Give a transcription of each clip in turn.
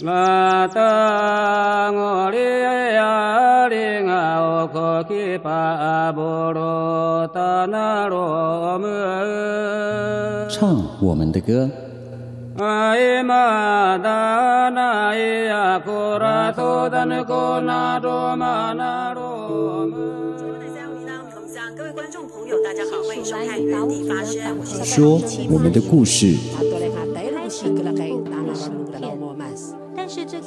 唱我們的歌，說我們的故事。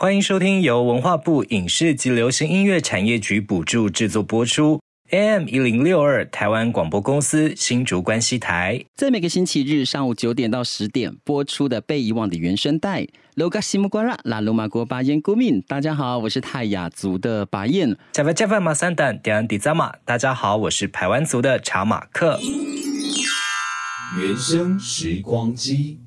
歡迎收聽由文化部影視及流行音樂產業局補助製作播出，AM 一零六二台灣廣播公司新竹關西台，在每個星期日上午九點到十點播出的被遺忘的原聲代。家西姆瓜拉拉馬國大家好，我是泰雅族的巴彥。馬三點迪白馬大家好，我是排灣族的查馬克。原聲時光機。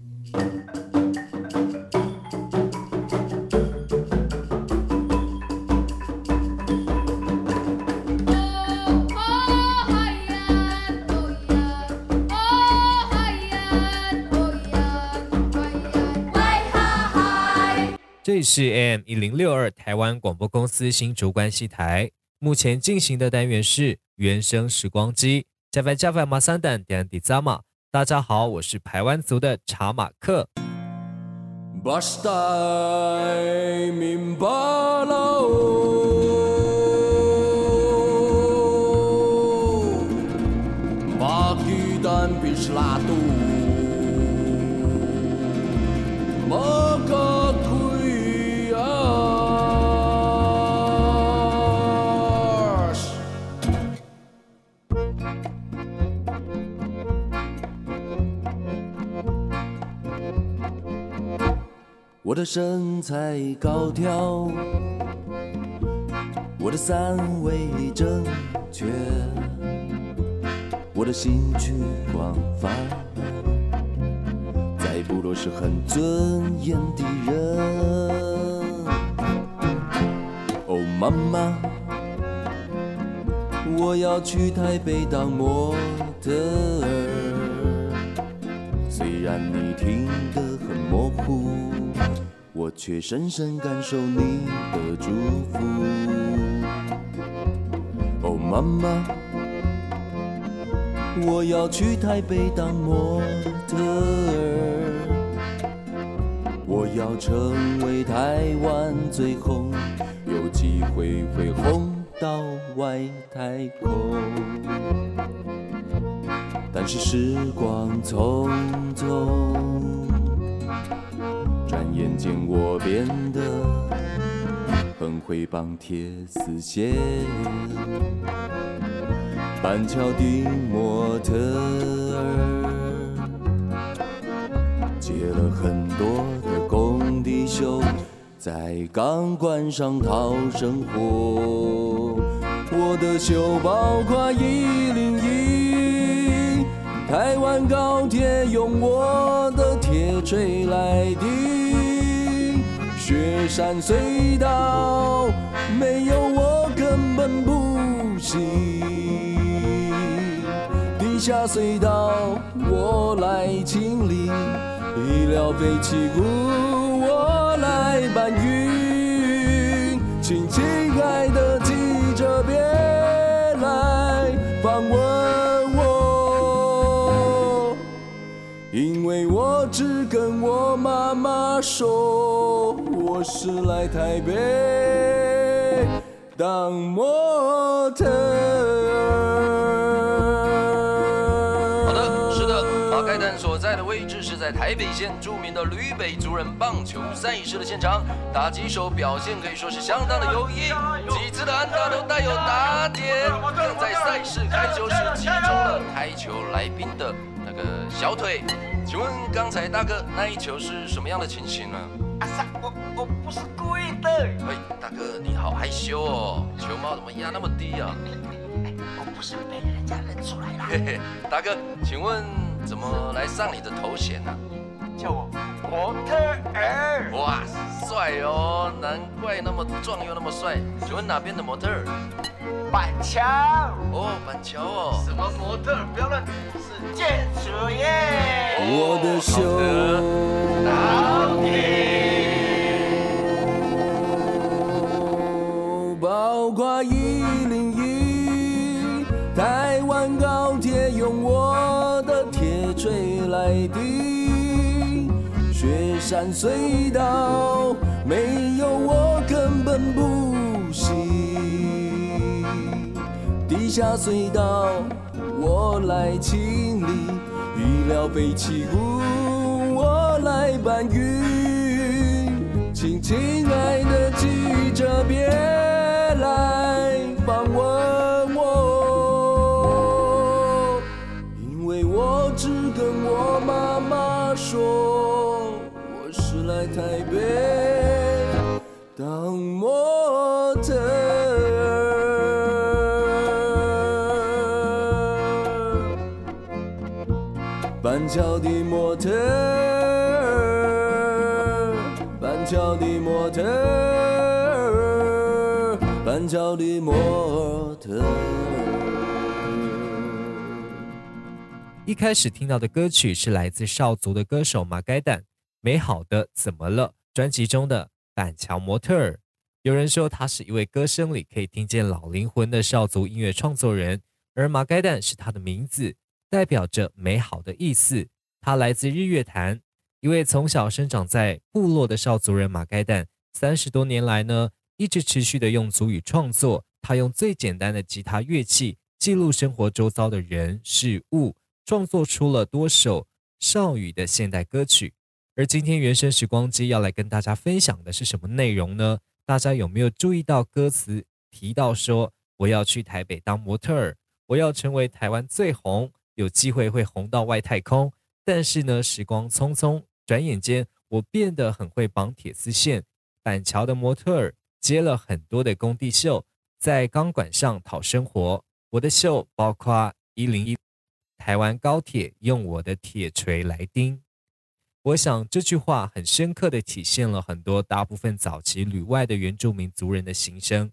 是 AM 一零六二台灣廣播公司新竹關西台，目前進行的單元是原聲時光機。Java a v a m a a n d 點 Di Zama，大家好，我是排灣族的查馬克。我的身材高挑，我的三圍正確，我的興趣廣泛，在部落是很尊嚴的人。哦，媽媽，我要去台北當模特兒，雖然你聽得很模糊。我卻深深感受你的祝福，哦，媽媽，我要去台北當模特兒，我要成為台灣最紅，有機會會紅到外太空。但是時光匆匆。看見我變得很會綁鐵絲線，板橋的模特兒接了很多的工地秀，在鋼管上討生活。我的秀包括一零一，台灣高鐵用我的鐵錘來釘。雪山隧道沒有我根本不行，地下隧道我來清理，醫療廢棄物我來搬運，請親愛的。我我只跟我媽媽說我是來台北當模特好的，是的，馬蓋坦所在的位置是在台北縣著名的旅北族人棒球賽事的現場，打擊手表現可以說是相當的優異，幾次的安打都帶有打點，但在賽事開球時擊中了檯球來賓的那個小腿。請問剛才大哥那一球是什麼樣的情形呢？啊？阿三、啊，我我不是故意的。喂，大哥你好害羞哦，球帽怎麼壓那麼低啊？哎、我不是被人家認出來啦。大哥，請問怎麼來上你的頭銜呢？啊？叫我模特兒。哇，帥哦，難怪那麼壯又那麼帥。請問哪邊的模特兒？板橋。哦，板橋哦？什麼模特兒，不要亂。建築業，我的手高鐵，包括一零一，台灣高鐵用我的鐵錘來釘，雪山隧道沒有我根本不行，地下隧道。我來清理醫療廢棄物，我來搬運。請親愛的記者別來訪問我，因為我只跟我媽媽說，我是來台北。板橋的模特兒，板橋的模特兒，板橋的模特兒。一開始聽到的歌曲是來自邵族的歌手馬蓋旦，《美好的怎麼了》專輯中的《板橋模特兒》。有人說他是一位歌聲裡可以聽見老靈魂的邵族音樂創作人，而馬蓋旦是他的名字，代表着美好的意思。他來自日月潭，一位從小生長在部落的少族人馬蓋旦。三十多年來呢，一直持續的用族語創作。他用最簡單的吉他樂器記錄生活周遭的人事物，創作出了多首少語的現代歌曲。而今天原聲時光機要來跟大家分享的是什麼內容呢？大家有沒有注意到歌詞提到說：“我要去台北當模特兒，我要成為台灣最紅。”有機會會紅到外太空，但是呢，時光匆匆，轉眼間我變得很會綁鐵絲線。板橋的模特兒接了很多的工地秀，在鋼管上討生活。我的秀包括一零一，台灣高鐵用我的鐵錘來釘。我想這句話很深刻地體現了很多大部分早期旅外的原住民族人的心聲。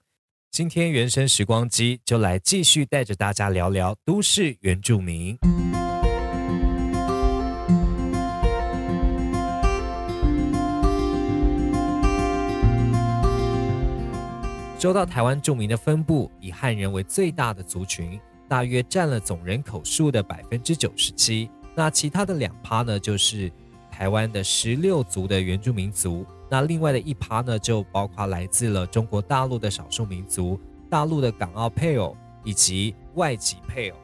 今天原聲時光機就來繼續帶着大家聊聊都市原住民。說到台灣住民的分布，以漢人為最大的族群，大約占了總人口數的百分之九十七。那其他的兩趴呢，就是台灣的十六族的原住民族。那另外的一趴呢，就包括來自了中國大陸的少數民族、大陸的港澳配偶以及外籍配偶。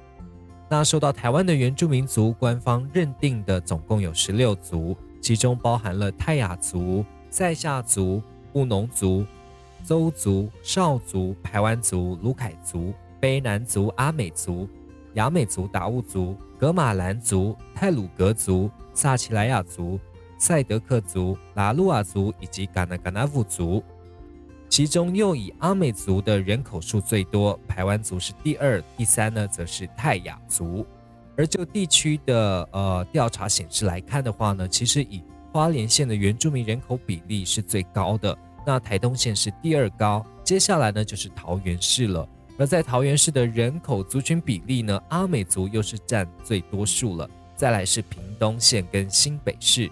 那受到台灣的原住民族官方認定的，總共有十六族，其中包含了泰雅族、賽夏族、布農族、鄒族、邵族、排灣族、魯凱族、卑南族、阿美族、雅美族、達悟族、噶瑪蘭族、太魯閣族、撒奇萊雅族、賽德克族、拉阿魯哇族以及卡那卡那富族，其中又以阿美族的人口數最多，排灣族是第二，第三呢則是泰雅族。而就地區的呃調查顯示來看的話呢，其實以花蓮縣的原住民人口比例是最高的，那台東縣是第二高，接下來呢就是桃園市了。而在桃園市的人口族群比例呢，阿美族又是占最多數了，再來是屏東縣跟新北市。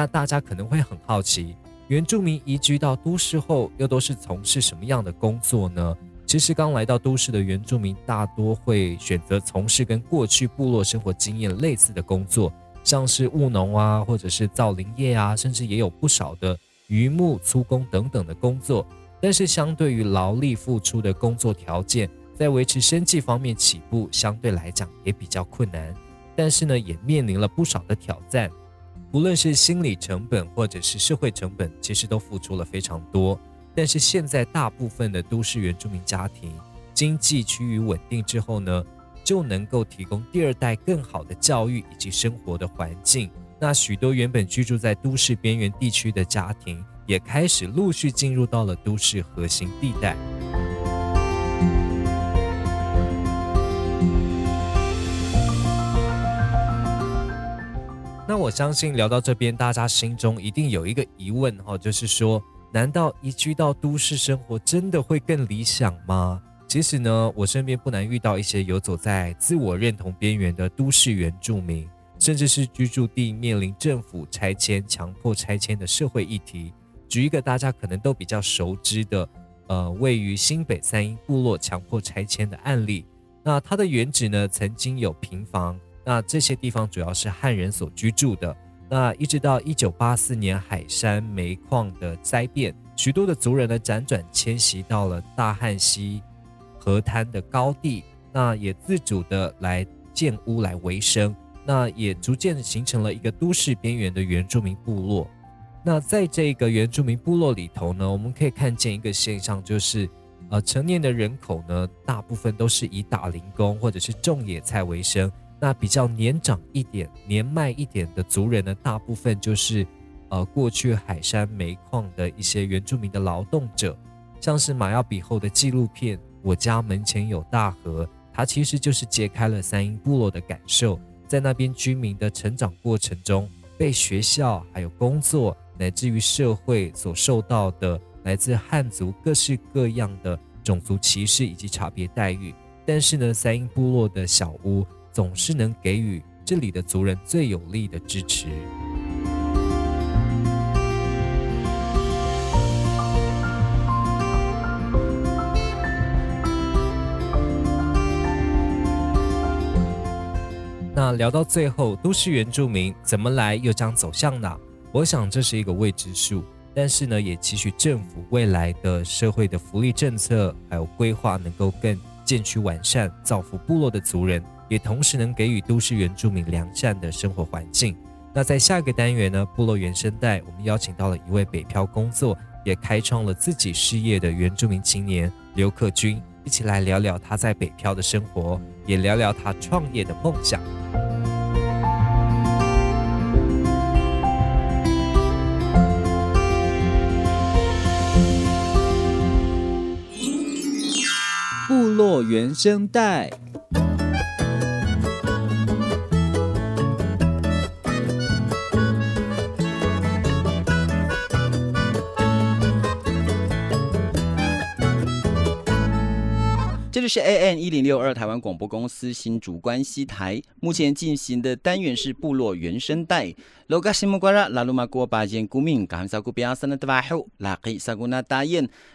那大家可能會很好奇，原住民移居到都市後，又都是從事什麼樣的工作呢？其實剛來到都市的原住民，大多會選擇從事跟過去部落生活經驗類似的工作，像是務農啊，或者是造林業啊，甚至也有不少的漁牧粗工等等的工作。但是相對於勞力付出的工作條件，在維持生計方面起步相對來講也比較困難，但是呢，也面臨了不少的挑戰。無論是心理成本或者是社會成本，其實都付出了非常多。但是現在，大部分的都市原住民家庭經濟趨於穩定之後呢，就能夠提供第二代更好的教育以及生活的環境。那許多原本居住在都市邊緣地區的家庭，也開始陸續進入到了都市核心地帶。相信聊到這邊，大家心中一定有一個疑問哈，就是說，難道移居到都市生活真的會更理想嗎？其實呢，我身邊不難遇到一些遊走在自我認同邊緣的都市原住民，甚至是居住地面臨政府拆遷、強迫拆遷的社會議題。舉一個大家可能都比較熟知的，呃，位於新北三鶯部落強迫拆遷的案例。那它的原址呢，曾經有平房。那這些地方主要是漢人所居住的。那一直到一九八四年海山煤礦的災變，許多的族人呢輾轉遷徙到了大漢溪河灘的高地，那也自主的來建屋來維生。那也逐漸形成了一個都市邊緣的原住民部落。那在這個原住民部落裡頭呢，我們可以看見一個現象，就是呃，成年的人口呢，大部分都是以打零工或者是種野菜為生。那比較年長一點、年邁一點的族人呢，大部分就是，呃，過去海山煤礦的一些原住民的勞動者。像是馬躍比吼的紀錄片《我家門前有大河》，它其實就是揭開了三鶯部落的感受，在那邊居民的成長過程中，被學校、還有工作，乃至於社會所受到的來自漢族各式各樣的種族歧視以及差別待遇。但是呢，三鶯部落的小屋。總是能給予這裡的族人最有力的支持。那聊到最後，都市原住民怎麼來，又將走向哪？我想這是一個未知數。但是呢，也期許政府未來的社會的福利政策還有規劃能夠更漸趨完善，造福部落的族人。也同時能給予都市原住民良善的生活環境。那在下個單元呢，部落原聲代，我們邀請到了一位北漂工作，也開創了自己事業的原住民青年劉克均，一起來聊聊他在北漂的生活，也聊聊他創業的夢想。部落原聲代。是 AM 一零六二台灣廣播公司新竹關西台，目前進行的單元是部落原聲代。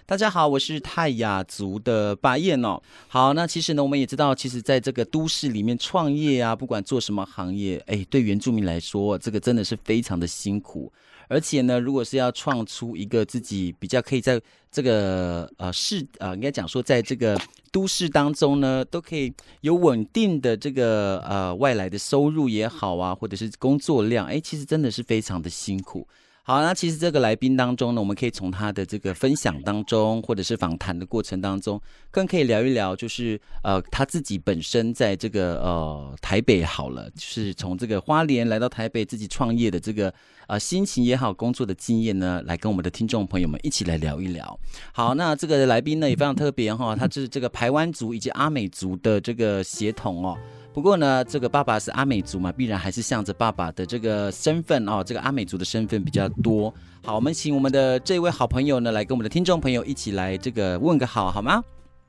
大家好，我是泰雅族的巴燕哦。好，那其實呢，我們也知道，其實在這個都市裡面創業啊，不管做什麼行業，哎，對原住民來說，這個真的是非常的辛苦。而且呢，如果是要創出一個自己比較可以在這個呃市呃，應該講說在這個都市當中呢，都可以有穩定的這個呃外來的收入也好啊，或者是工作量，哎，其實真的是非常的辛苦。好，那其實這個來賓當中呢，我們可以從他的這個分享當中，或者是訪談的過程當中，更可以聊一聊，就是呃他自己本身在這個呃台北好了，就是從這個花蓮來到台北自己創業的這個呃心情也好，工作的經驗呢，來跟我們的聽眾朋友們一起來聊一聊。好，那這個來賓呢也非常特別哈、哦，他是這個排灣族以及阿美族的這個血統哦。不過呢，這個爸爸是阿美族嘛，必然還是向着爸爸的這個身份哦，這個阿美族的身份比較多。好，我們請我們的這位好朋友呢，來跟我們的聽眾朋友一起來這個問個好，好嗎？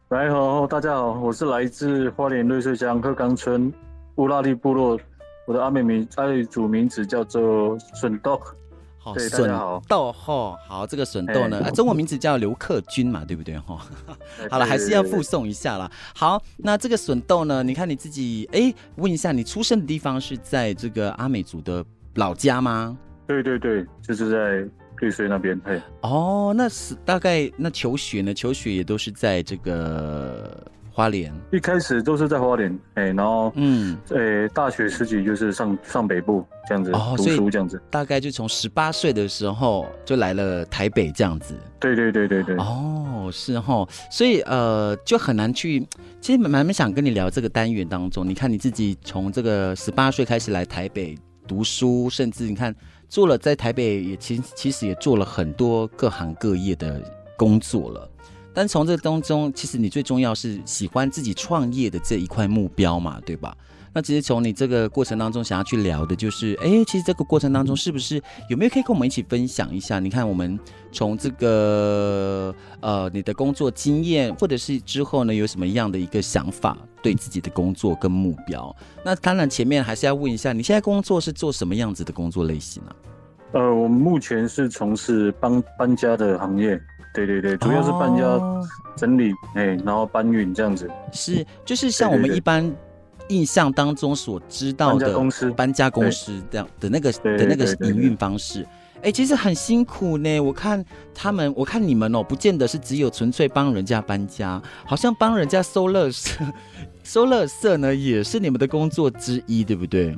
來。好，大家好，我是來自花蓮瑞穗鄉鶴岡村烏拉利部落，我的阿美名阿美族名字叫做 Sontok。哦，Sontok 吼，哦，好，這個 Sontok 呢，哎哎、中文名字叫劉克均嘛，對不對吼、哦哎？好了，還是要附送一下啦。好，那這個 Sontok 呢，你看你自己，哎，問一下，你出生的地方是在這個阿美族的老家嗎？對對對，就是在綠水那邊。哎，哦，那是大概那求學呢？求學也都是在這個。花蓮一開始都是在花蓮，哎、欸，然後嗯，哎、欸，大學時期就是上上北部這樣子讀書，這樣子，哦、樣子，大概就從十八歲的時候就來了台北這樣子。對對對對對，哦，是哈，所以呃，就很難去。其實蠻蠻想跟你聊這個單元當中，你看你自己從這個十八歲開始來台北讀書，甚至你看做了在台北也其，其其實也做了很多各行各業的工作了。嗯但從這當中，其實你最重要是喜歡自己創業的這一塊目標嘛，對吧？那其實從你這個過程當中，想要去聊的就是，哎、欸，其實這個過程當中，是不是有沒有可以跟我們一起分享一下？你看，我們從這個呃，你的工作經驗，或者是之後呢，有什麼樣的一個想法，對自己的工作跟目標？那當然，前面還是要問一下，你現在工作是做什麼樣子的工作類型呢、啊？呃，我們目前是從事搬搬家的行業。對對對，主要是搬家整理，哎、oh. 欸，然後搬運這樣子，是就是像我們一般印象當中所知道的搬家公司，搬家公司這樣的那個的那個營運方式，哎、欸，其實很辛苦呢。我看他們，我看你們哦、喔，不見得是只有純粹幫人家搬家，好像幫人家收垃圾、收垃圾呢，也是你們的工作之一，對不對？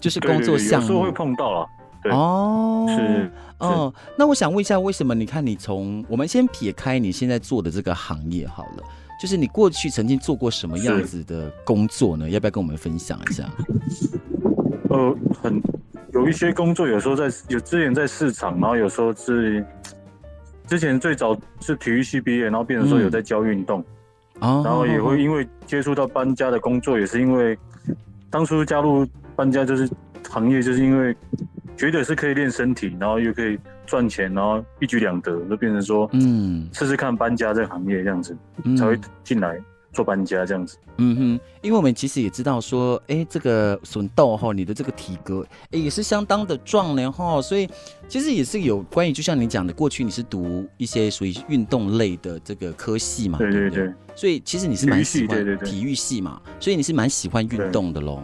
就是工作項目，對對對，有時候會碰到了，對，哦，oh. 是。哦，是那我想問一下，為什麼？你看你，你從我們先撇開你現在做的這個行業好了，就是你過去曾經做過什麼樣子的工作呢？是要不要跟我們分享一下？呃，很有一些工作有，有時候在有之前在市場，然後有時候是之前最早是體育系畢業，然後變成說有在教運動，嗯，然後也會因為接觸到，嗯，到搬家的工作，也是因為當初加入搬家就是行業，就是因為。覺得是可以練身體，然後又可以賺錢，然後一舉兩得，就變成說，嗯，試試看搬家這個行業這樣子，嗯、才會進來做搬家這樣子。嗯哼，因為我們其實也知道說，哎，這個 Sontok 哈，你的這個體格也是相當的壯的哈，所以其實也是有關於，就像你講的，過去你是讀一些屬於運動類的這個科系嘛，對對對，對，對，所以其實你是蠻喜歡體育系嘛，對對對體育系嘛，所以你是蠻喜歡運動的嘍。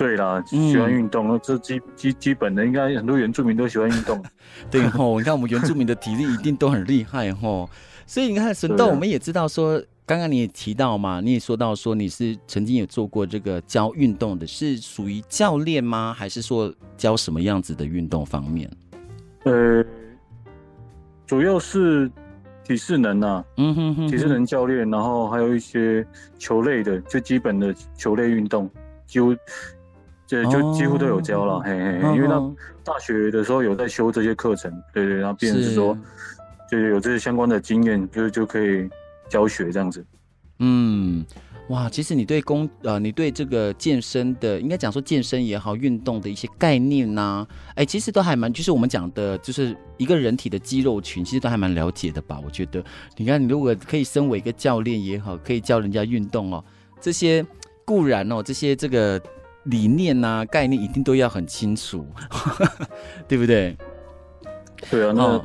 對啦，喜歡運動，那、嗯、這基基基本的，應該很多原住民都喜歡運動。 對吼、哦， 你看我們原住民的體力一定都很厲害吼、哦。所以你看，Sontok，我們也知道說，啊、剛剛你也提到嘛，你也說到說你是曾經有做過這個教運動的，是屬於教練嗎？還是說教什麼樣子的運動方面？呃，主要是體適能吶，嗯哼哼、哼、哼，體適能教練，然後還有一些球類的，最基本的球類運動，幾對，就幾乎都有教了，嘿、哦、嘿嘿，因為那大學的時候有在修這些課程，哦、對，對對，然後變成是說，是就有這些相關的經驗，就是就可以教學這樣子。嗯，哇，其實你對工呃，你對這個健身的，應該講說健身也好，運動的一些概念呢、啊、哎、欸，其實都還蠻，就是我們講的，就是一個人體的肌肉群，其實都還蠻了解的吧？我覺得，你看你如果可以身為一個教練也好，可以教人家運動哦，這些固然哦，這些這個。理念吶，概念一定都要很清楚，對不對？對啊，那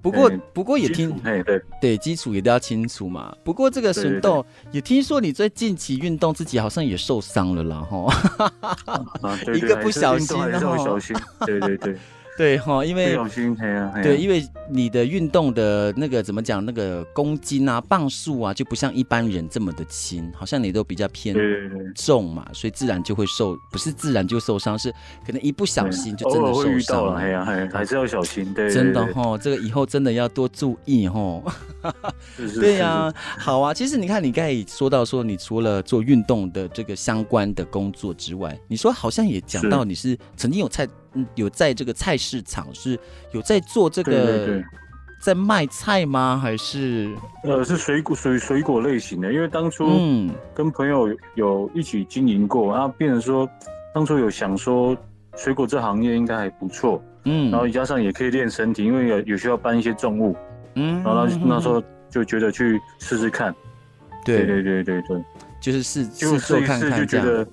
不過不過也聽，對對，基礎也都要清楚嘛。不過這個 Sontok 也聽說你最近期運動自己好像也受傷了啦，哈，一個不小心，對對對。對哈，因為、啊啊、對，因為你的運動的那個怎麼講，那個公斤啊、磅數啊，就不像一般人這麼的輕，好像你都比較偏重嘛，對對對，所以自然就會受，不是自然就受傷，是可能一不小心就真的受傷、啊、了。哎呀、啊啊，還是要小心的。對對對，真的哈、哦，這個以後真的要多注意哈。對呀，好啊。其實你看，你剛才說到說，你除了做運動的這個相關的工作之外，你說好像也講到你是曾經有在。嗯、有在這個菜市場，是有在做這個，對對對，在賣菜嗎？還是呃，是水果水水果類型的？因為當初嗯，跟朋友有一起經營過，嗯、然後變成說當初有想說水果這行業應該還不錯，嗯，然後加上也可以練身體，因為有有需要搬一些重物，嗯，然後那時候就覺得去試試看，對對對對對，就是試就試試看看就覺得。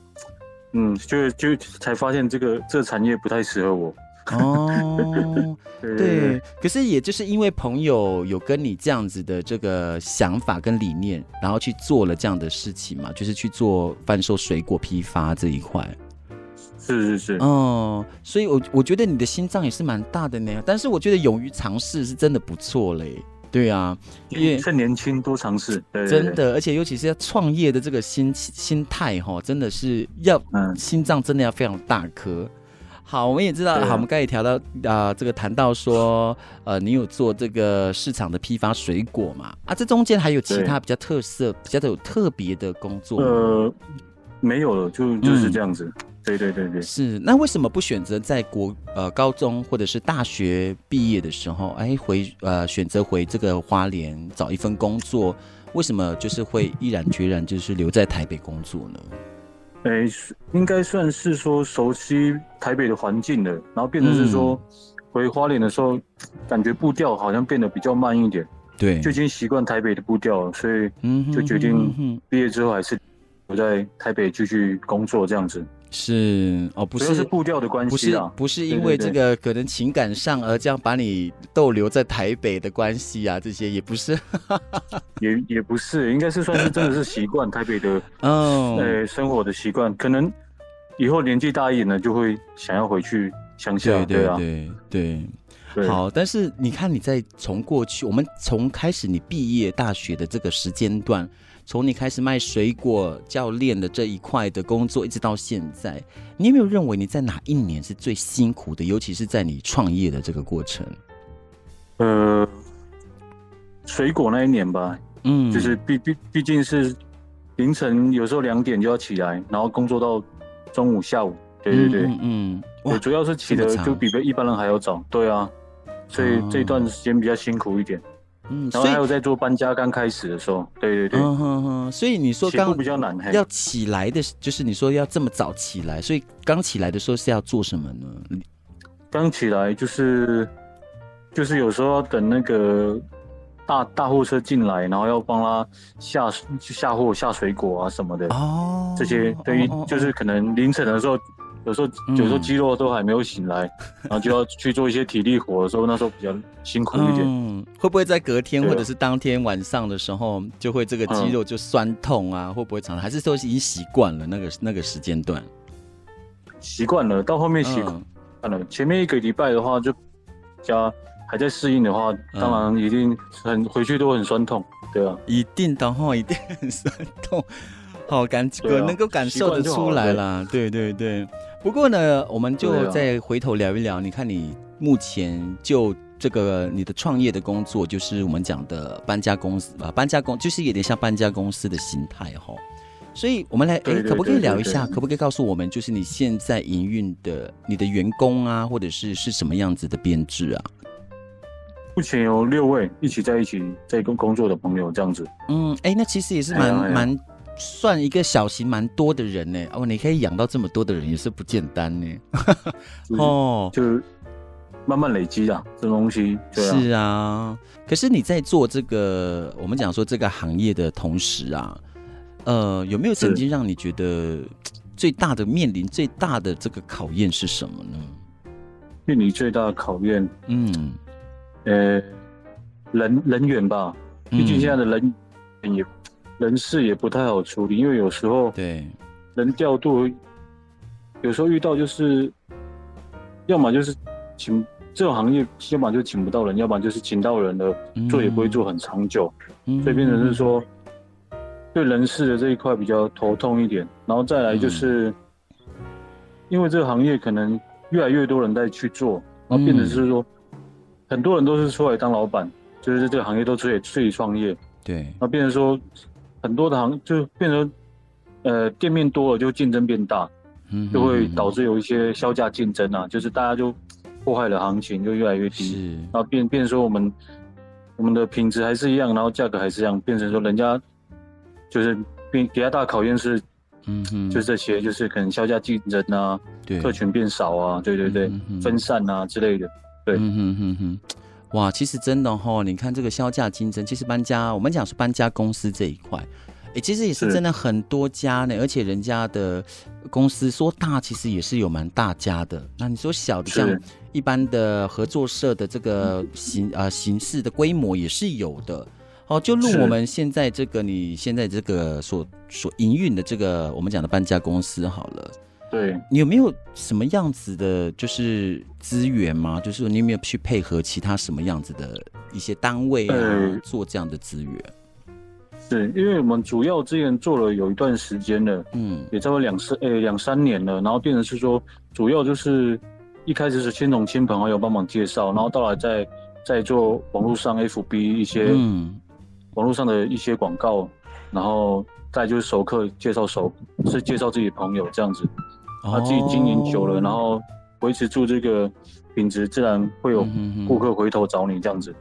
嗯，就就才發現這個這個產業不太適合我哦。 oh, 對，可是也就是因為朋友有跟你這樣子的這個想法跟理念，然後去做了這樣的事情嘛，就是去做販售水果批發這一塊。是是是。嗯，oh, 所以我我覺得你的心臟也是蠻大的呢，但是我覺得勇於嘗試是真的不錯嘞。對啊，因為趁年輕多嘗試，對對對真的，而且尤其是要創業的這個心心態哈，真的是要，嗯，心臟真的要非常大顆。好，我們也知道，啊、好，我們剛才也聊到啊、呃，這個談到說，呃，你有做這個市場的批發水果嘛？啊，這中間還有其他比較特色、對比較有特別的工作？呃，沒有了，就就是這樣子。嗯對對對對，是那為什麼不選擇在國呃，高中或者是大學畢業的時候哎回呃選擇回這個花蓮找一份工作？為什麼就是會毅然決然就是留在台北工作呢？哎、呃，應該算是說熟悉台北的環境了，然後變成是說、嗯、回花蓮的時候，感覺步調好像變得比較慢一點。對，就已經習慣台北的步調了，所以嗯就決定畢業之後還是留在台北繼續工作這樣子。是哦，不是，是步調的關係，不是不是因為這個可能情感上而這樣把你逗留在台北的關係啊，這些也不是， 也也不是，應該是算是真的是習慣 台北的嗯，對、哦呃，生活的習慣，可能以後年紀大一點呢，就會想要回去鄉下，對啊對對對，好，但是你看你在從過去，我們從開始你畢業大學的這個時間段。從你開始賣水果教練的這一塊的工作，一直到現在，你有沒有認為你在哪一年是最辛苦的？尤其是在你創業的這個過程？呃，水果那一年吧，嗯，就是畢畢畢竟是凌晨，有時候兩點就要起來，然後工作到中午下午，對對對，嗯，嗯，我主要是起的就比比一般人還要早，對啊，所以這一段時間比較辛苦一點。嗯。嗯，然後還有在做搬家，剛開始的時候，嗯、對對對，嗯哼哼，所以你說剛比較難，要起來的時候，就是你說要這麼早起來，所以剛起來的時候是要做什麼呢？剛起來就是就是有時候要等那個大大貨車進來，然後要幫他下下貨、下水果啊什麼的哦，這些對於、哦哦哦、就是可能凌晨的時候。有時候，嗯、有時候肌肉都還沒有醒來，然後就要去做一些體力活的時候， 那時候比較辛苦一點。嗯，會不會在隔天或者是當天晚上的時候，就會這個肌肉就酸痛啊？嗯、會不會常常，還是說已經習慣了那個那個時間段？習慣了，到後面習慣了。嗯、前面一個禮拜的話，就家還在適應的話，當然一定很、嗯、回去都很酸痛，對啊，一定的哈，一定很酸痛。好感覺，感、啊、能夠感受得出來啦。好對，對對對。不過呢，我們就再回頭聊一聊。啊、你看，你目前就這個你的創業的工作，就是我們講的搬家公司吧？搬家公就是有點像搬家公司的形態哈、哦。所以，我們來哎，可不可以聊一下？可不可以告訴我們，就是你現在營運的你的員工啊，或者是是什麼樣子的編制啊？目前有六位一起在一起在工工作的朋友這樣子。嗯，哎，那其實也是蠻、哎、呀蠻。算一個小型蠻多的人呢，哦，你可以養到這麼多的人也是不簡單呢。呵呵就是、哦，就慢慢累積啊，這東西。對啊是啊，可是你在做這個，我們講說這個行業的同時啊，呃，有沒有曾經讓你覺得最大的面臨最大的這個考驗是什麼呢？是你最大的考驗，嗯，呃，人人員吧，畢竟現在的人員。人事也不太好處理，因為有時候對人調度，有時候遇到就是，要麼就是請這種行業，要麼就請不到人，要麼就是請到人了做也不會做很長久，嗯、所以變成是說，對人事的這一塊比較頭痛一點。嗯、然後再來就是，因為這個行業可能越來越多人在去做，然後變成是說很多人都是出來當老闆，就是這個行業都出去自己創業，對，那變成說。很多的行，就變成，呃，店面多了就競爭變大，嗯哼，就會導致有一些削價競爭啊，就是大家就破壞了行情，就越來越低，是然後變變成說我們我們的品質還是一樣，然後價格還是一樣，變成說人家就是比比較大考驗是，嗯嗯哼，就這些，就是可能削價競爭啊，對，客群變少啊，對對對，嗯、哼分散啊之類的，對，嗯嗯嗯嗯。哇，其實真的哈、哦，你看這個削價競爭，其實搬家我們講是搬家公司這一塊誒，其實也是真的很多家呢，是而且人家的公司說大，其實也是有蠻大家的。那你說小的，像一般的合作社的這個形啊是、呃、形式的規模也是有的。哦，就如我們現在這個你現在這個所所營運的這個我們講的搬家公司好了。對，你有沒有什麼樣子的，就是資源嗎？就是你有沒有去配合其他什麼樣子的一些單位啊，呃、做這樣的資源？對，因為我們主要之前做了有一段時間了，嗯，也做了兩，欸、兩三年了。然後變成是說，主要就是一開始是親同親朋好友幫忙介紹，然後到來再再做網絡上 FB 一些，嗯，網絡上的一些廣告，嗯、然後再就是熟客介紹熟，是介紹自己朋友這樣子。他、啊、自己經營久了，哦、然後維持住這個品質，自然會有顧客回頭找你這樣子。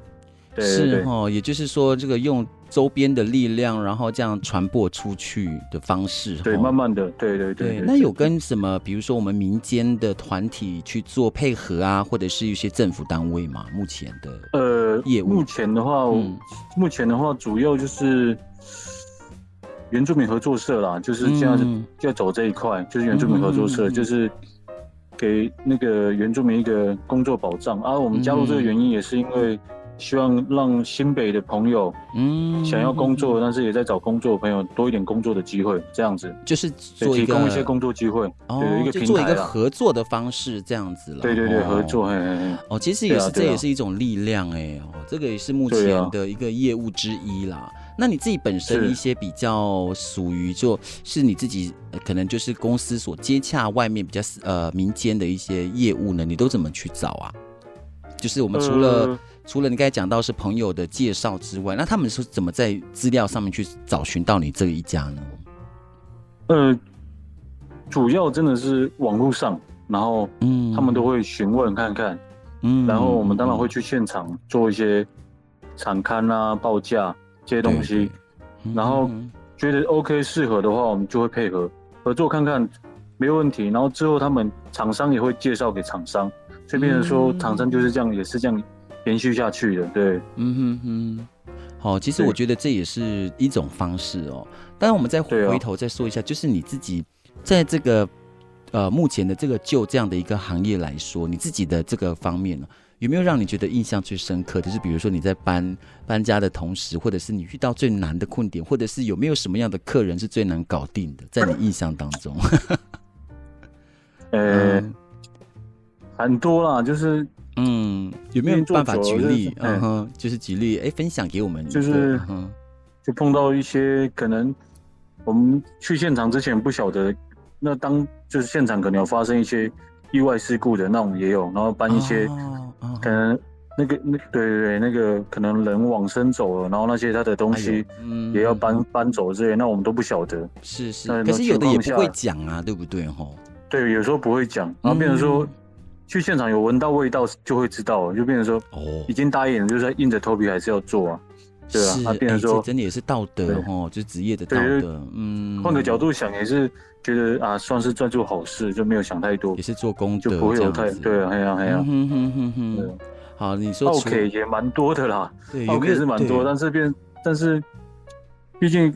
對，是哦，也就是說，這個用周邊的力量，然後這樣傳播出去的方式，對，慢慢的，對對對、對、對、對。那有跟什麼，是比如說我們民間的團體去做配合啊，或者是一些政府單位嘛？目前的呃，業務目前的話，嗯、目前的話主要就是。原住民合作社啦，就是現在是，嗯、現在走這一塊，就是原住民合作社，嗯、就是給那個原住民一個工作保障。嗯、啊，我們加入這個原因也是因為希望讓新北的朋友，嗯，想要工作但是也在找工作的朋友多一點工作的機會，這樣子就是提供一些工作機會，哦，一個平台做一個合作的方式這樣子了。對對對，哦、合作，嘿嘿嘿。哦，其實也是，對啊對啊，這也是一種力量。哎、欸、哦，這個也是目前的一個業務之一啦。那你自己本身一些比較屬於就是你自己是、呃、可能就是公司所接洽外面比較呃民間的一些業務呢？你都怎麼去找啊？就是我們除了、呃、除了你剛才講到是朋友的介紹之外，那他們是怎麼在資料上面去找尋到你這一家呢？呃，主要真的是網絡上，然後他們都會詢問看看，嗯、然後我們當然會去現場做一些場勘啊報價。這些東西，然後覺得 OK 適合的話，我們就會配合合作看看，沒問題。然後之後他們廠商也會介紹給廠商，所以變成說廠商就是這樣，也是這樣延續下去的。對，嗯哼哼、嗯。好，其實我覺得這也是一種方式哦、喔。對當然，我們再回頭再說一下，啊、就是你自己在這個呃目前的這個就這樣的一個行業來說，你自己的這個方面呢。有沒有讓你覺得印象最深刻？就是比如說你在搬搬家的同時，或者是你遇到最難的困點，或者是有沒有什麼樣的客人是最難搞定的？在你印象當中，呃、 欸，嗯、很多啦，就是嗯，有沒有辦法舉例？就是、嗯哼，就是舉例，哎、欸，就是、分享給我們，就是、嗯、哼就碰到一些可能我們去現場之前不曉得，那當就是現場可能有發生一些意外事故的，那我們也有，然後搬一些。哦可能那個那對對對，那個可能人往生走了，然後那些他的東西，嗯，也要搬搬走之類，那我們都不曉得。是是，是可是有的也不會講啊，對不對吼？對，有時候不會講，然後變成說、嗯、去現場有聞到味道就會知道了，就變成說哦，已經答應了，就是在硬着頭皮還是要做啊。對啊，他變成說，真的也是道德哦，就是職業的道德。嗯，換個角度想，也是覺得啊，算是在做好事，就沒有想太多。也是做工就不會有太對啊，哎呀哎呀，嗯嗯嗯嗯。好，你說 OK 也蠻多的啦，OK 是蠻多，但是變但是，畢竟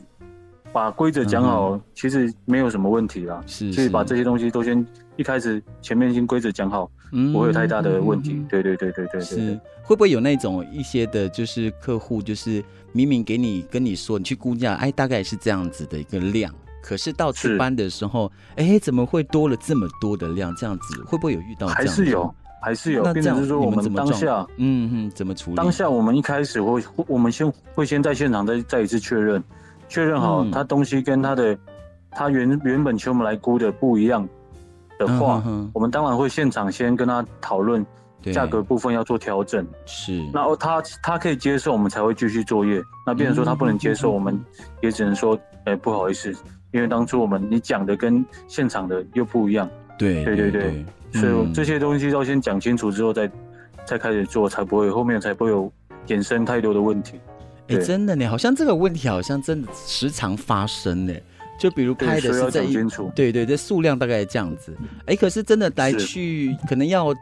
把規則講好，其實沒有什麼問題啦。是，所以把這些東西都先。一開始前面已經規則講好，不會有太大的問題。對對對對對，對，對，是，是會不會有那種一些的，就是客戶就是明明給你跟你說，你去估價，哎，大概是這樣子的一個量，可是到值班的時候，哎是、欸，怎麼會多了這麼多的量？這樣子會不會有遇到這樣？還是有，還是有。那這樣子說，我們當下，嗯嗯，怎麼處理？當下我們一開始會，我們先會先在現場再再一次確認，確認好他東西跟他的他原原本求我們來估的不一樣。的話，啊、呵呵我們當然會現場先跟他討論價格部分要做調整，是，然後他他可以接受，我們才會繼續作業。那變成說他不能接受，我們、嗯、呵呵也只能說，哎、欸，不好意思，因為當初我們你講的跟現場的又不一樣。對對對對，所以這些東西要先講清楚之後再，再、嗯、再開始做，才不會後面才不會有衍生太多的問題。哎、欸，真的呢，好像這個問題好像真的時常發生呢。就比如開的是這一對對，對對，這數量大概這樣子。哎、欸，可是真的來去是可能要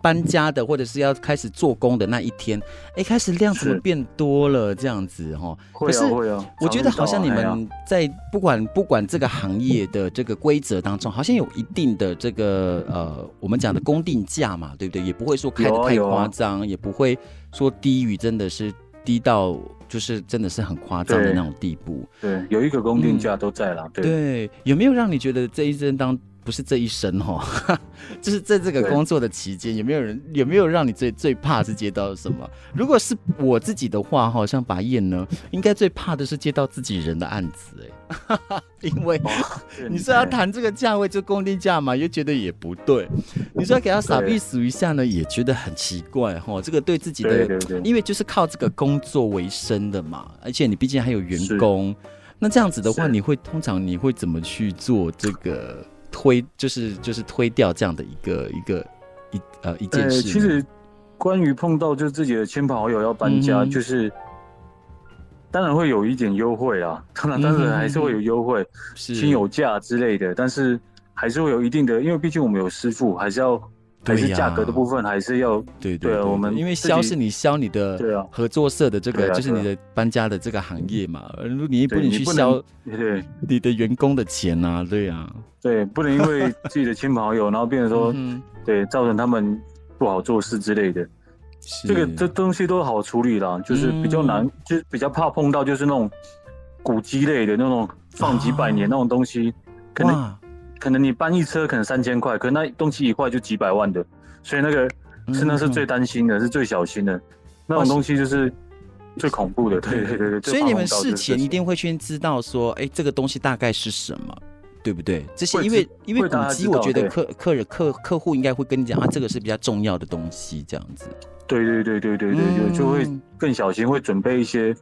搬家的，或者是要開始做工的那一天，哎、欸，開始量怎麼變多了這樣子哈？是子會、啊、可是我覺得好像你們在不管長長、啊、在不管這個行業的這個規則當中，好像有一定的這個呃，我們講的公定價嘛，對不對？也不會說開得太誇張，啊啊、也不會說低於真的是低到。就是真的是很誇張的那種地步，對，對，有一個公定價都在了，嗯、對，對，有沒有讓你覺得這一針當？不是這一生哈、哦， 就是在這個工作的期間，有，對沒有人有沒有讓你最最怕是接到什麼？如果是我自己的話，好像白燕呢，應該最怕的是接到自己人的案子哎， 因為你說要談這個價位就公定價嘛，又覺得也不對；你說要給他傻逼數一下呢，對也覺得很奇怪哈、哦。這個對自己的，對對對，因為就是靠這個工作為生的嘛，而且你畢竟還有員工，是那這樣子的話，你會是通常你會怎麼去做這個？推就是就是推掉這樣的一個一個一呃一件事情、呃。其實關於碰到就自己的親朋好友要搬家，嗯、哼就是當然會有一點優惠啊，當然當然還是會有優惠，親友價之類的，但是還是會有一定的，因為畢竟我們有師傅，還是要。還是價格的部分還是要對對。我們因為銷是你銷你的對啊，合作社的這個，就是你的搬家的這個行業嘛。你不能去銷，對你的員工的錢啊，對啊，對，不能因為自己的親朋好友，然後變成說，對，造成他們不好做事之類的。這個這東西都好處理啦，就是比較難，就是比較怕碰到就是那種古蹟類的那種放幾百年那種東西，可能。可能你搬一車可能三千塊，可是那東西一塊就幾百萬的，所以那個真的、嗯、哼是最擔心的，是最小心的，那種東西就是最恐怖的。哇塞，對、對、對，所以你們事前一定會先知道說，哎、欸，這個東西大概是什麼，對不對？這些因為會知因為打擊，我覺得客覺得客人對客客戶應該會跟你講，嗯、哼啊，這個是比較重要的東西，這樣子。對對對對對對對，嗯、就會更小心，會準備一些。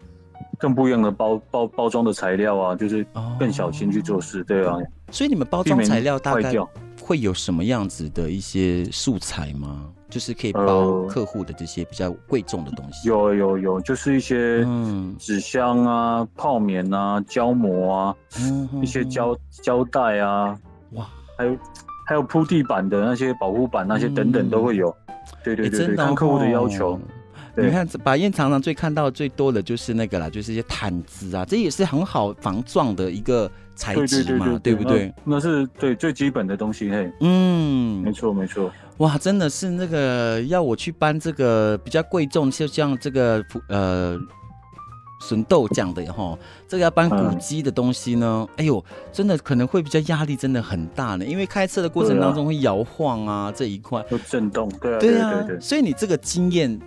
更不一樣的包包包裝的材料啊，就是更小心去做事，哦、對啊。所以你們包裝材料大概會有什麼樣子的一些素材嗎？就是可以包客戶的這些比較貴重的東西。呃、有有有，就是一些紙箱啊、泡棉啊、膠膜啊、嗯、一些膠、嗯、膠帶啊，哇，還有還有鋪地板的那些保護板，那些等等、嗯、等等都會有。嗯、對對對對，欸真的啊、看客戶的要求。哦對你看，白燕常常最看到最多的就是那個啦，就是一些毯子啊，這也是很好防撞的一個材質嘛，對,對,對,對,對,對不對？哦、那是對最基本的東西嘿。嗯沒，沒錯沒錯。哇，真的是那個要我去搬這個比較貴重，就像這個呃 Sontok 講的哈、哦，這個要搬古籍的東西呢，嗯、哎呦，真的可能會比較壓力真的很大呢，因為開車的過程當中會搖晃啊,啊這一塊，有震動，對啊對啊對,對,對啊，所以你這個經驗。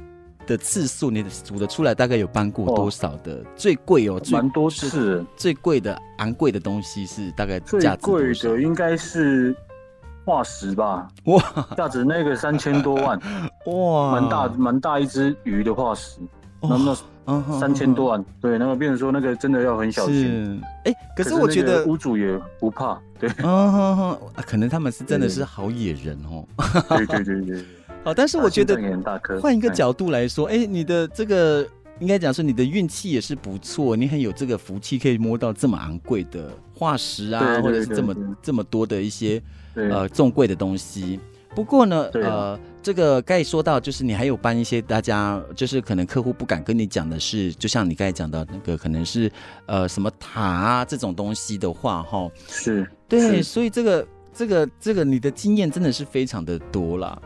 的次數，你數得出來？大概有搬過多少的？哦、最貴哦，蠻多次的，最貴的昂貴的東西是大概價值最貴的，應該是化石吧？哇，價值那個三千多萬，哇，蠻大蠻大一只魚的化石，那那、哦、三千多萬，哦啊、對，那麼、個、變成說那個真的要很小心。哎、欸，可是我覺得屋主也不怕，對、哦，啊，可能他們是真的是好野人哦。對對對對。 哦，但是我覺得換一個角度來說，哎、欸，你的這個應該講說你的運氣也是不錯，你很有這個福氣，可以摸到這麼昂貴的化石啊，對對對對，或者是這麼對對對這麼多的一些對呃重貴的東西。不過呢，啊、呃，這個該說到就是你還有幫一些大家就是可能客戶不敢跟你講的是，就像你剛才講的那個，可能是呃什麼塔啊這種東西的話，齁，是對，是所以這個。這個這個，這個，你的經驗真的是非常的多啦，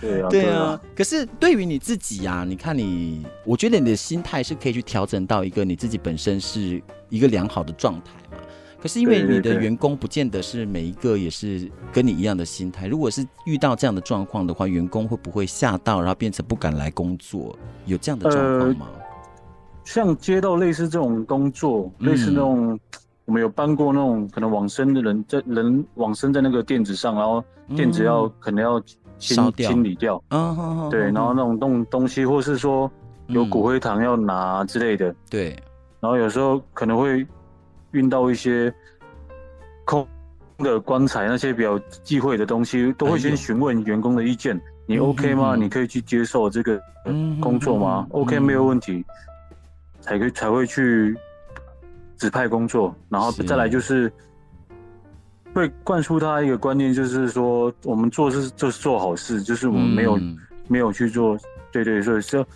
對啊， 對啊。對啊，可是對於你自己呀，啊，你看你，我覺得你的心態是可以去調整到一個你自己本身是一個良好的狀態嘛。可是因為你的員工不見得是每一個也是跟你一樣的心態，對對對，如果是遇到這樣的狀況的話，員工會不會嚇到，然後變成不敢來工作？有這樣的狀況嗎？像接到類似這種工作，嗯、類似那種。我們有搬過那種可能往生的人，在人往生在那個墊子上，然後墊子要，嗯、可能要清掉清理掉。哦，對，然後那種東東西，或是說有骨灰堂要拿之類的。嗯、對。然後有時候可能會運到一些空的棺材，那些比較忌諱的東西，都會先詢問員工的意見，哎，喲你 OK 嗎？嗯，你可以去接受這個工作嗎？嗯嗯、OK，沒有問題，嗯、才可以才會去。指派工作，然後再來就是會灌輸他一個觀念，就是說我們做事就是做好事，就是我們沒有、嗯、沒有去做，對對，所以說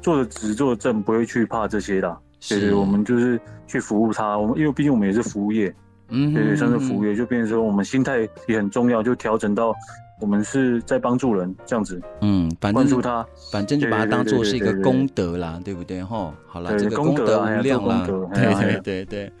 做的只做的正，不會去怕這些的，是對對，我們就是去服務他，我們因為畢竟我們也是服務業，嗯哼，對對，算是服務業，就變成說我們心態也很重要，就調整到。我們是在幫助人這樣子，嗯，幫助他，反正就把他當做是一個功德啦，對不對？哈，好了對，這個功、啊、德無量啦，對對對對，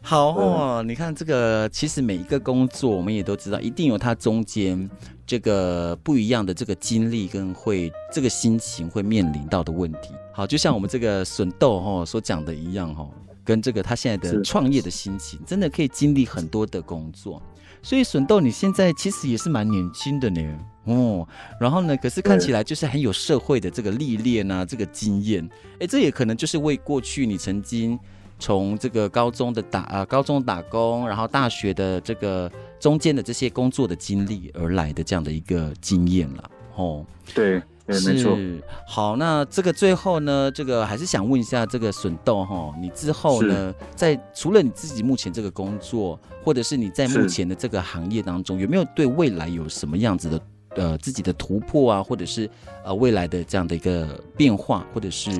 好哦，對你看這個，其實每一個工作我們也都知道，一定有它中間這個不一樣的這個經歷跟會這個心情會面臨到的問題。好，就像我們這個 Sontok 哈所講的一樣哈，跟這個他現在的創業的心情，是真的可以經歷很多的工作。所以 Sontok，你現在其實也是蠻年輕的呢，哦，然後呢，可是看起來就是很有社會的這個歷練啊，對這個經驗，哎，這也可能就是為過去你曾經從這個高中的打啊，高中打工，然後大學的這個中間的這些工作的經歷而來的這樣的一個經驗了，哦，對。沒錯是，好，那這個最後呢，這個還是想問一下這個 Sontok 齁，你之後呢，是在除了你自己目前這個工作，或者是你在目前的這個行業當中，是有沒有對未來有什麼樣子的呃自己的突破啊，或者是呃未來的這樣的一個變化或者是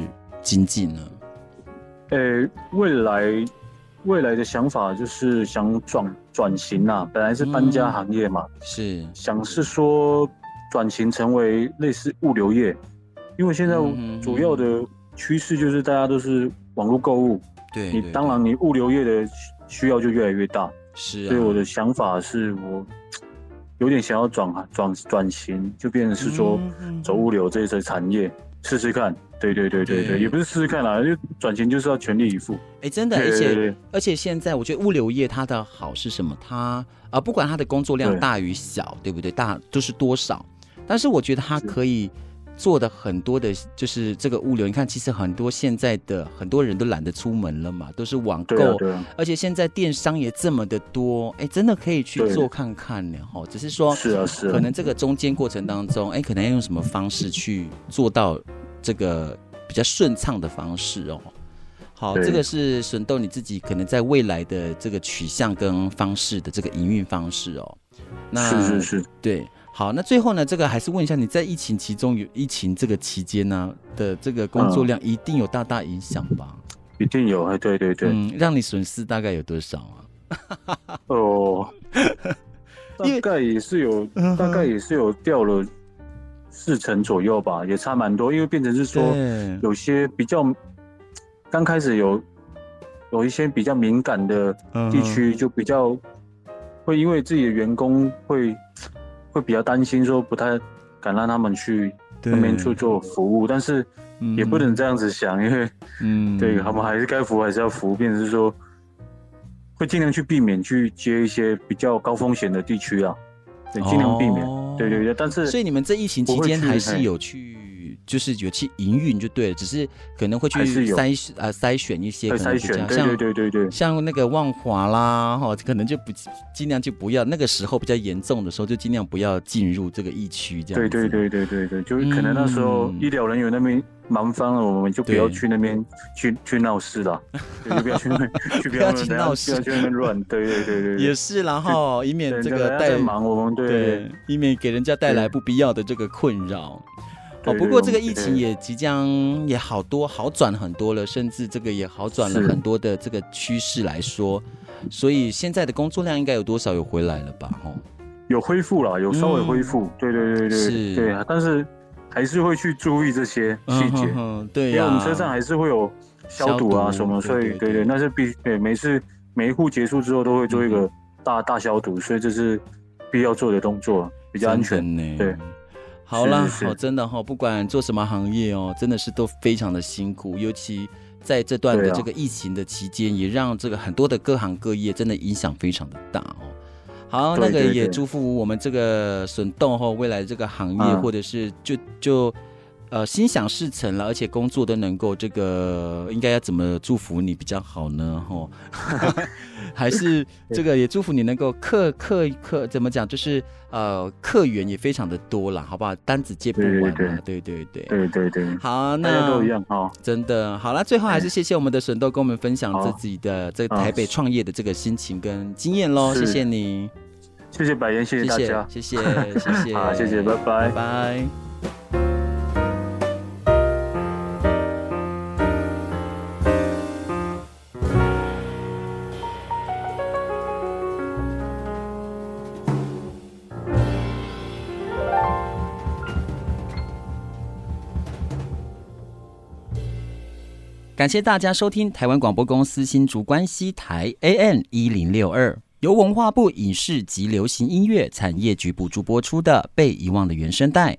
經濟呢？呃、欸，未來未來的想法就是想轉轉型吶、啊，本來是搬家行業嘛，嗯、是想是說。轉型成為類似物流業，因為現在主要的趨勢就是大家都是網絡購物，對，對，對，你當然你物流業的需要就越來越大。是、啊，所以我的想法是我有點想要轉轉轉型，就變成是說走物流這一產業試試，嗯嗯嗯，看。對對對對對，對對對，也不是試試看啦，就轉型就是要全力以赴。哎，欸，真的，而且對對對而且現在我覺得物流業它的好是什麼？它啊，呃，不管它的工作量大與小，對，對不對？大都，就是多少？但是我覺得他可以做的很多的，就是這個物流。你看，其實很多現在的很多人都懶得出門了嘛，都是網購。對啊、而且現在電商也這麼的多，哎，真的可以去做看看了、欸、對 哦，只是說，是啊，是。可能這個中間過程當中，哎，可能要用什麼方式去做到這個比較順暢的方式哦。好，這個是 Sontok 你自己可能在未來的這個取向跟方式的這個營運方式哦。是是是，對。好，那最後呢，這個還是問一下你在疫情其中有疫情這個期間呢、啊、的這個工作量一定有大大影響吧？嗯、一定有，對對對、嗯，讓你損失大概有多少啊？哦、呃， 大概也是有， 大概也是有掉了四成左右吧， 也差蠻多，因為變成是說對有些比較剛開始有有一些比較敏感的地區就比較會因為自己的員工會。會比較擔心，說不太敢讓他們去那邊去做服務，對但是也不能這樣子想，嗯、因為嗯，對他們還是該服還是要服，變成是說會盡量去避免去接一些比較高風險的地區啊，對，盡量避免，哦，對對對。但是所以你們這疫情期間還是有去。就是有去營運就對了，只是可能會去篩啊篩選一些，可能對像對對對對像那個萬華啦哈、哦，可能就不儘量就不要。那個時候比較嚴重的時候，就儘量不要進入這個疫區這樣。對對對對對對，就是可能那時候醫療人員那邊忙翻了，嗯、我們就不要去那邊對去去鬧事了，對，就不要去那， 去不要去鬧事，了， 不要去那邊亂。對對對對，也是，然後以免這個帶忙我們對，對，對，對，以免給人家帶來不必要的這個困擾。對對對哦，不過這個疫情也即將也好多對對對好轉很多了，甚至這個也好轉了很多的這個趨勢來說，是所以現在的工作量應該有多少有回來了吧？哦、有恢復了，有稍微恢復，嗯、對對對對對是對啊！但是還是會去注意這些細節，嗯、哼哼對、啊，因為我們車上還是會有消毒啊什麼，對對對所以對對、對，那是必對每次每一戶結束之後都會做一個大對對大、大消毒，所以這是必要做的動作，比較安全，對。好了，是是是好真的哈、哦，不管做什麼行業哦，真的是都非常的辛苦，尤其在這段的這個疫情的期間，啊、也讓這個很多的各行各業真的影響非常的大哦。好，對對對那個也祝福我們這個 Sontok 哈，未來這個行業或者是就、嗯、就。就呃，心想事成了，而且工作都能夠這個，應該要怎麼祝福你比較好呢？吼，還是這個也祝福你能夠客客客，怎麼講，就是呃，客源也非常的多了，好不好？單子接不完，對對對，對對對，對對對，好，那都一樣，好，真的好了。最後還是謝謝我們的神豆，跟我們分享自己的在台北創業的這個心情跟經驗嘍，謝謝你，謝謝百元，謝謝大家，謝謝，謝謝，好，謝謝，拜拜，拜。感謝大家收聽台灣廣播公司新竹關西台 AM 一零六二，由文化部影視及流行音樂產業局補助播出的《被遺忘的原聲帶》。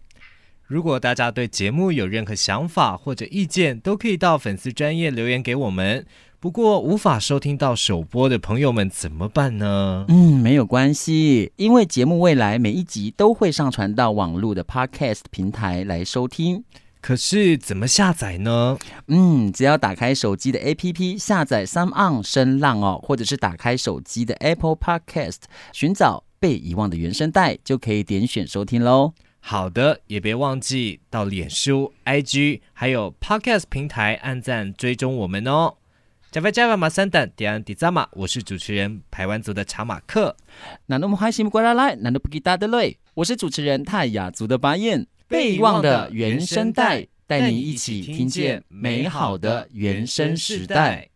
如果大家對節目有任何想法或者意見，都可以到粉絲專頁留言給我們。不過，無法收聽到首播的朋友們怎麼辦呢？嗯，沒有關係，因為節目未來每一集都會上傳到網絡的 Podcast 平台來收聽。可是怎麼下載呢？嗯，只要打開手機的 APP 下載 SoundOn 聲浪哦，或者是打開手機的 Apple Podcast，尋找被遺忘的原聲代就可以點選收聽嘍。好的，也別忘記到臉書、IG 還有 Podcast 平台按讚追蹤我們哦。Java j v 馬三等，點按點讚嘛。我是主持人排灣族的查馬克。南都唔開心唔過來來，南都不給打得的累。我是主持人泰雅族的巴彥。被遺忘的原聲代，帶你一起聽見美好的原聲時代。